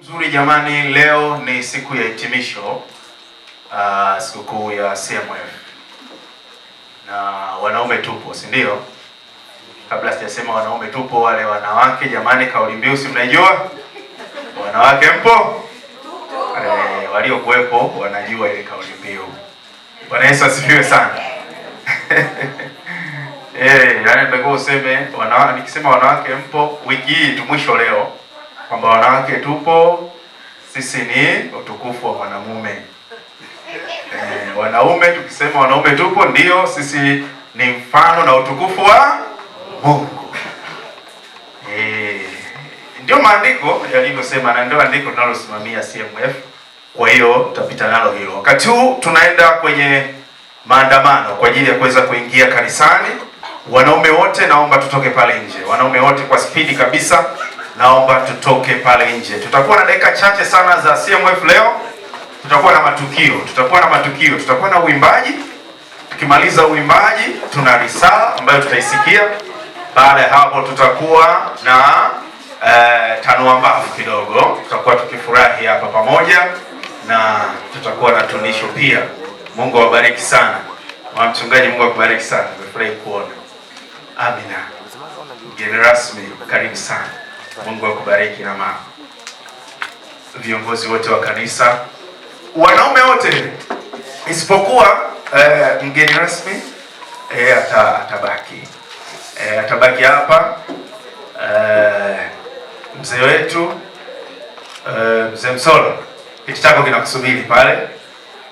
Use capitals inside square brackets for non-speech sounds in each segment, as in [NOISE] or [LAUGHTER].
Mzuri jamani, leo ni siku ya hitimisho uh, sikukuu ya CMF na wanaume tupo, si ndio? Kabla sijasema wanaume tupo, wale wanawake jamani, kauli mbiu si mnaijua? Wanawake mpo? E, waliokuwepo wanajua ile kauli mbiu. Bwana Yesu asifiwe sana. [LAUGHS] Eh, yani, useme wana, nikisema wanawake mpo, wiki hii tu mwisho leo kwamba wanawake tupo sisi ni utukufu wa mwanamume. [LAUGHS] eh, wanaume tukisema wanaume tupo, ndio sisi ni mfano na utukufu wa Mungu. eh, ndio maandiko yalivyosema na ndio andiko tunalosimamia CMF. Kwa hiyo tutapita nalo hilo. Wakati huu tunaenda kwenye maandamano kwa ajili ya kuweza kuingia kanisani. Wanaume wote naomba tutoke pale nje, wanaume wote kwa spidi kabisa naomba tutoke pale nje. Tutakuwa na dakika chache sana za CMF leo, tutakuwa na matukio, tutakuwa na matukio, tutakuwa na uimbaji. Tukimaliza uimbaji, tuna risala ambayo tutaisikia. Baada ya hapo, tutakuwa na eh, tanua mbavu kidogo, tutakuwa tukifurahi hapa pamoja na tutakuwa na tunisho pia. Mungu awabariki sana. Mchungaji, Mungu akubariki sana. Nimefurahi kuona. Amina. Mgeni rasmi, karibu sana. Mungu akubariki na mama. Viongozi wote wa kanisa, wanaume wote isipokuwa eh, mgeni rasmi eh, ata, atabaki eh, atabaki hapa eh, mzee wetu eh, mzee Msolo, kiti chako kinakusubiri pale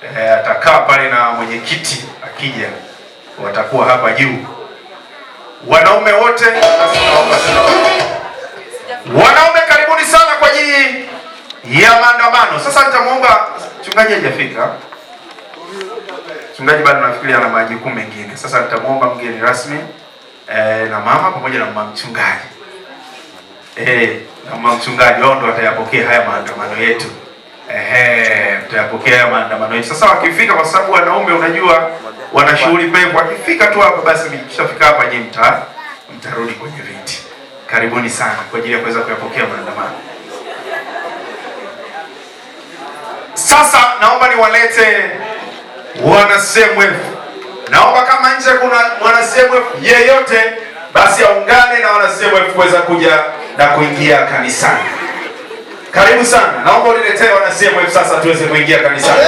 eh, atakaa pale na mwenyekiti akija, watakuwa hapa juu wanaume wote ya maandamano. Sasa nitamwomba mchungaji hajafika, mchungaji bado nafikiri ana majukumu mengine. Sasa nitamwomba mgeni rasmi eh, na mama pamoja na mama mchungaji eh, na mama mchungaji wao ndio watayapokea haya maandamano yetu. eh, mtayapokea haya maandamano yetu. Sasa wakifika, kwa sababu wanaume unajua wana shughuli pepo, wakifika tu hapa basi, mkishafika hapa nyinyi mta mtarudi kwenye viti. Karibuni sana kwa ajili ya kuweza kuyapokea maandamano. Sasa naomba niwalete wana CMF. Naomba kama nje kuna mwana CMF yeyote, basi aungane na wana CMF kuweza kuja na kuingia kanisani. Karibu sana, naomba uniletee wana CMF sasa tuweze kuingia kanisani.